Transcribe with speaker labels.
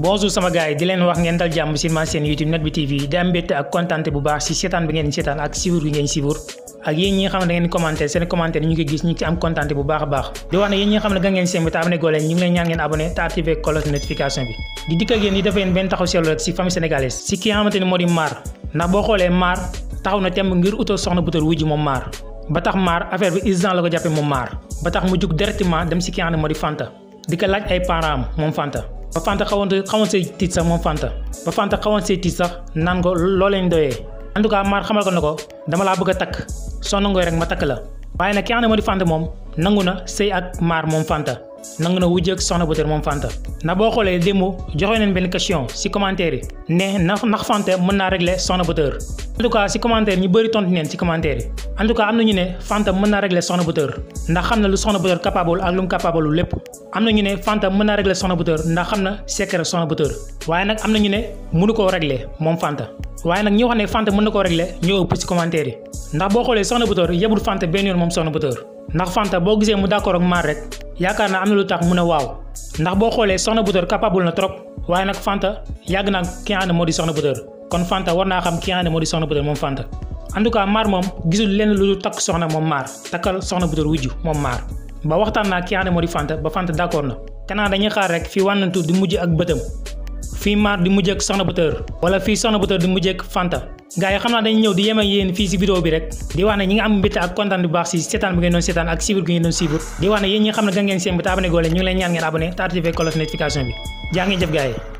Speaker 1: bonjour sama gars yi di leen wax ngeen dal jàmm si ma seen YouTube Net Bi TV di am mbégte ak kontaante bu baax si seetaan bi ngeen seetaan ak siiwur bi ngeen siiwur ak yéen ñi xam ne da ngeen seen commentaire ñu ngi gis ñu ngi ci am kontaante bu baax a baax di wax ne yéen ñi nga xam ne ga ngeen seen bi te abonné gooleen ñu ngi leen ñaan ngeen abonné te activé cloche notification bi di dikk ak di dafa yéen benn taxaw seetlu rek si famille sénégalaise si ki nga ba Fanta xawoon xawoon see tiit sax moom Fanta ba Fanta xawoon see tiit sax naan ko loo leen doyee en tout cas maar xamal ko ne ko dama laa bëgg a takk soo nangoo rek ma takk la waaye nag ki nga xam di Fanta moom nangu na sëy ak maar moom Fanta. nangu na wujj ak soxna Bator moom Fanta ndax boo xoolee démb joxe nañ benn question si commentaire yi ne ndax ndax Fanta mën naa régler soxna Bator bëri tontu neen si commentaire yi en na ñu ne ndax xam na lu soxna Bator capable ak lu mu capable lépp am na ñu ne Fanta mën naa régler soxna Bator ndax xam na secret soxna Bator waaye nag am na ñu ne mënu koo régler moom Fanta waaye nag ñi wax ne Fanta mën na koo régler ñoo ëpp si commentaire yi ndax boo xoolee soxna Bator yebul Fanta benn yoon moom yaakaar na am na lu tax mu ne waaw ndax boo xoolee soxna Bator capable na trop waaye nag Fanta yàgg naa ki nga xam moo di soxna Bator kon Fanta war naa xam ki nga moo di soxna Bator moom Fanta. en tout cas maar moom gisul lenn lu takk soxna moom maar takkal soxna Bator wujju moom maar ba waxtaan naa ki nga moo di Fanta ba Fanta d'accord na kanaa dañuy xaar rek fii wànnantu di mujj ak bëtam fii maar di mujj ak soxna Bator wala fii soxna Bator di mujj ak Fanta. gars yi xam naa dañu ñëw di yem ak fii si vidéo bi rek di wax ne ñi nga am mbégte ak kontaan bu baax si seetaan bi ngeen doon seetaan ak siibur gi ngeen doon siibur di wax ne yéen ñi xam ne ga ngeen seen bi te abonné ñu ngi leen ñaan ngeen abonné te activé cloche notification bi jaa ngeen jëf yi